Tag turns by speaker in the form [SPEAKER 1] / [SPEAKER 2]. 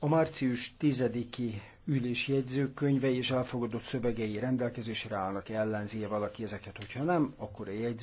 [SPEAKER 1] A március 10-i ülés jegyzőkönyvei és elfogadott szövegei rendelkezésre állnak, ellenzi valaki ezeket, hogyha nem, akkor a jegyző